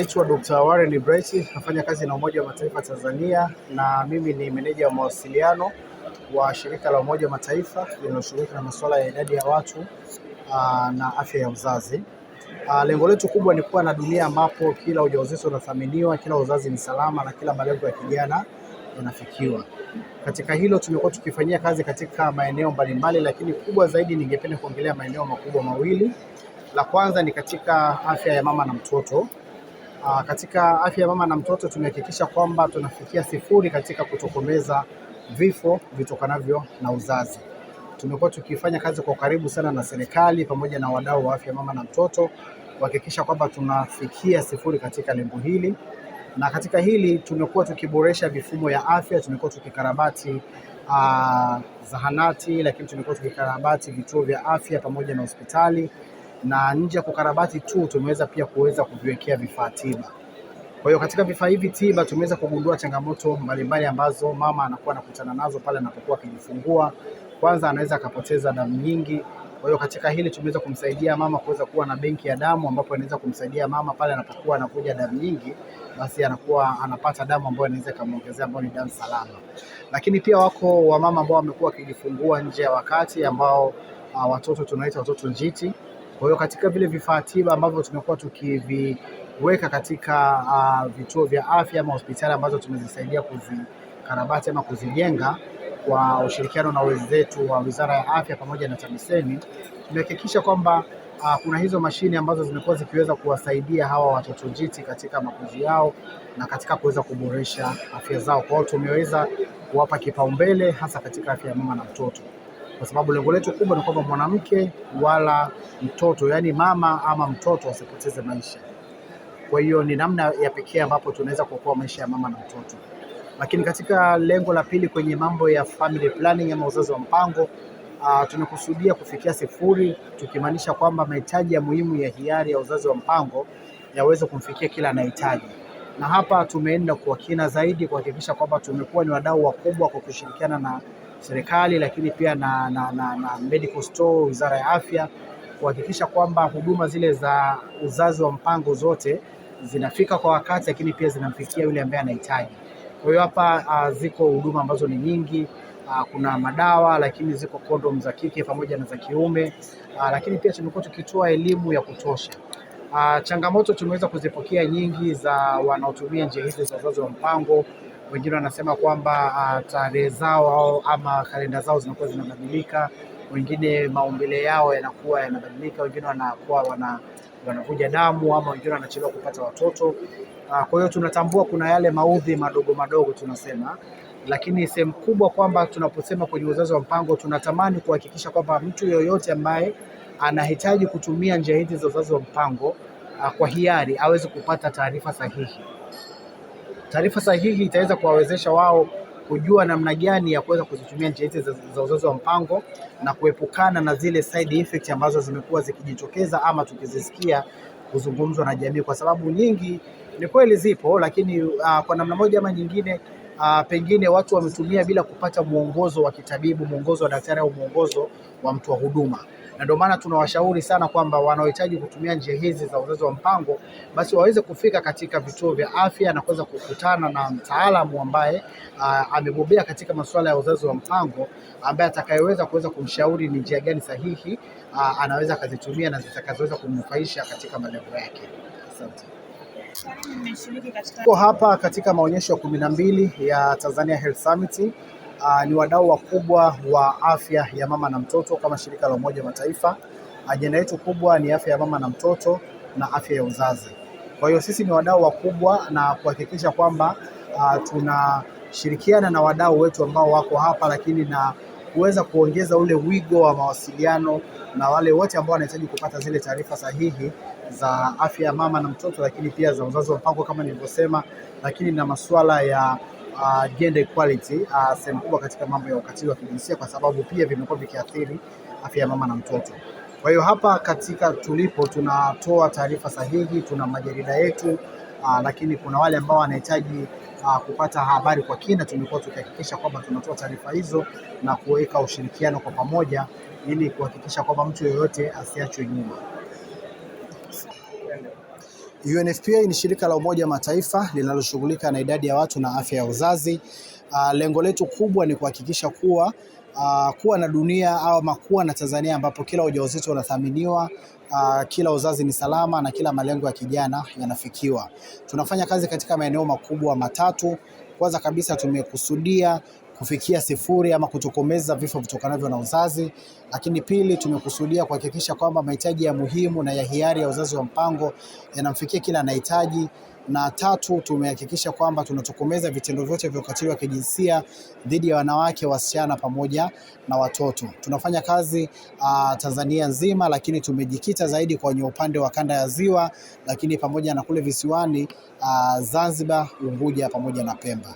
Naitwa Dr. Warren Bright, nafanya kazi na Umoja wa Mataifa Tanzania na mimi ni meneja wa mawasiliano wa shirika la Umoja wa Mataifa linaloshughulika na masuala ya idadi ya watu aa, na afya ya uzazi. Lengo letu kubwa ni kuwa na dunia ambapo kila ujauzito unathaminiwa, kila uzazi ni salama na kila malengo ya kijana yanafikiwa. Katika hilo tumekuwa tukifanyia kazi katika maeneo mbalimbali, lakini kubwa zaidi ningependa kuongelea maeneo makubwa mawili. La kwanza ni katika afya ya mama na mtoto Aa, ah, katika afya ya mama na mtoto tumehakikisha kwamba tunafikia sifuri katika kutokomeza vifo vitokanavyo na uzazi. Tumekuwa tukifanya kazi kwa karibu sana na serikali pamoja na wadau wa afya ya mama na mtoto kuhakikisha kwamba tunafikia sifuri katika lengo hili, na katika hili tumekuwa tukiboresha mifumo ya afya. Tumekuwa tukikarabati ah, zahanati, lakini tumekuwa tukikarabati vituo vya afya pamoja na hospitali na nje ya kukarabati tu tumeweza pia kuweza kuviwekea vifaa tiba. Kwa hiyo katika vifaa hivi tiba tumeweza kugundua changamoto mbalimbali ambazo mama anakuwa anakutana nazo pale anapokuwa akijifungua. Kwanza anaweza akapoteza damu nyingi. Kwa hiyo katika hili tumeweza kumsaidia mama kuweza kuwa na benki ya damu, ambapo anaweza kumsaidia mama pale anapokuwa anakuja damu nyingi, basi anakuwa anapata damu ambayo anaweza kumuongezea ambayo ni damu salama. Lakini pia wako wamama ambao wamekuwa wakijifungua nje ya wakati, ambao uh, watoto tunaita watoto njiti kwa hiyo katika vile vifaa tiba ambavyo tumekuwa tukiviweka katika uh, vituo vya afya ama hospitali ambazo tumezisaidia kuzikarabati ama kuzijenga kwa ushirikiano na wenzetu wa Wizara ya Afya pamoja na TAMISEMI tumehakikisha kwamba uh, kuna hizo mashine ambazo zimekuwa zikiweza kuwasaidia hawa watoto njiti katika makuzi yao na katika kuweza kuboresha afya zao. Kwa hiyo tumeweza kuwapa kipaumbele hasa katika afya ya mama na mtoto kwa sababu lengo letu kubwa ni kwamba mwanamke wala mtoto, yaani mama ama mtoto asipoteze maisha. Kwa hiyo ni namna ya pekee ambapo tunaweza kuokoa maisha ya mama na mtoto. Lakini katika lengo la pili kwenye mambo ya family planning ama uzazi wa mpango uh, ah, tunakusudia kufikia sifuri, tukimaanisha kwamba mahitaji ya muhimu ya hiari ya uzazi wa mpango yaweze kumfikia kila anahitaji, na hapa tumeenda kwa kina zaidi kuhakikisha kwamba tumekuwa ni wadau wakubwa kwa kushirikiana na serikali, lakini pia na, na, na, na medical store, wizara ya afya kuhakikisha kwamba huduma zile za uzazi wa mpango zote zinafika kwa wakati, lakini pia zinamfikia yule ambaye anahitaji. Kwa hiyo hapa uh, ziko huduma ambazo ni nyingi uh, kuna madawa lakini ziko kondomu za kike pamoja na za kiume uh, lakini pia tumekuwa tukitoa elimu ya kutosha. Uh, changamoto tumeweza kuzipokea nyingi za wanaotumia njia hizi za uzazi wa mpango wengine wanasema kwamba ah, tarehe zao au ama kalenda zao zinakuwa zinabadilika, wengine maumbile yao yanakuwa yanabadilika, wengine wanakuwa wana wanavuja damu ama wengine wanachelewa kupata watoto. Uh, kwa hiyo tunatambua kuna yale maudhi madogo madogo tunasema, lakini sehemu kubwa kwamba tunaposema kwenye uzazi wa mpango tunatamani kuhakikisha kwamba mtu yoyote ambaye anahitaji kutumia njia hizi za uzazi wa mpango uh, kwa hiari aweze kupata taarifa sahihi taarifa sahihi itaweza kuwawezesha wao kujua namna gani ya kuweza kuzitumia njia hizi za uzazi wa mpango na kuepukana na zile side effects ambazo zimekuwa zikijitokeza ama tukizisikia kuzungumzwa na jamii, kwa sababu nyingi ni kweli zipo, lakini uh, kwa namna moja ama nyingine a, ah, pengine watu wametumia bila kupata mwongozo wa kitabibu, mwongozo wa daktari au mwongozo wa mtu wa huduma na ndio maana tunawashauri sana kwamba wanaohitaji kutumia njia hizi za uzazi wa mpango basi waweze kufika katika vituo vya afya na kuweza kukutana na mtaalamu ambaye ah, amebobea katika masuala ya uzazi wa mpango, ambaye atakayeweza kuweza kumshauri ni njia gani sahihi a, ah, anaweza akazitumia na zitakazoweza kumnufaisha katika malengo yake. Asante. Tuko hapa katika maonyesho ya kumi na mbili ya Tanzania Health Summit. Uh, ni wadau wakubwa wa afya ya mama na mtoto kama shirika la Umoja wa Mataifa. Ajenda yetu kubwa ni afya ya mama na mtoto na afya ya uzazi. Kwa hiyo sisi ni wadau wakubwa na kuhakikisha kwamba uh, tunashirikiana na wadau wetu ambao wako hapa, lakini na kuweza kuongeza ule wigo wa mawasiliano na wale wote ambao wanahitaji kupata zile taarifa sahihi za afya ya mama na mtoto, lakini pia za uzazi wa mpango kama nilivyosema, lakini na masuala ya uh, gender equality uh, sehemu kubwa katika mambo ya ukatili wa kijinsia, kwa sababu pia vimekuwa vikiathiri afya ya mama na mtoto. Kwa hiyo hapa katika tulipo tunatoa taarifa sahihi, tuna majarida yetu uh, lakini kuna wale ambao wanahitaji uh, kupata habari kwa kina, tumekuwa tukihakikisha kwamba tunatoa taarifa hizo na kuweka ushirikiano kwa pamoja ili kuhakikisha kwamba mtu yoyote asiachwe nyuma. UNFPA ni shirika la Umoja wa Mataifa linaloshughulika na idadi ya watu na afya ya uzazi. Uh, lengo letu kubwa ni kuhakikisha kuwa uh, kuwa na dunia au makuwa na Tanzania ambapo kila ujauzito unathaminiwa, uh, kila uzazi ni salama na kila malengo ya kijana yanafikiwa. Tunafanya kazi katika maeneo makubwa matatu. Kwanza kabisa tumekusudia kufikia sifuri ama kutokomeza vifo vitokanavyo na uzazi. Lakini pili, tumekusudia kuhakikisha kwamba mahitaji ya muhimu na ya hiari ya uzazi wa mpango yanamfikia kila anahitaji na tatu, tumehakikisha kwamba tunatokomeza vitendo vyote vya ukatili wa kijinsia dhidi ya wanawake, wasichana pamoja na watoto. Tunafanya kazi uh, Tanzania nzima, lakini tumejikita zaidi kwenye upande wa kanda ya Ziwa, lakini pamoja na kule visiwani uh, Zanzibar, Unguja pamoja na Pemba.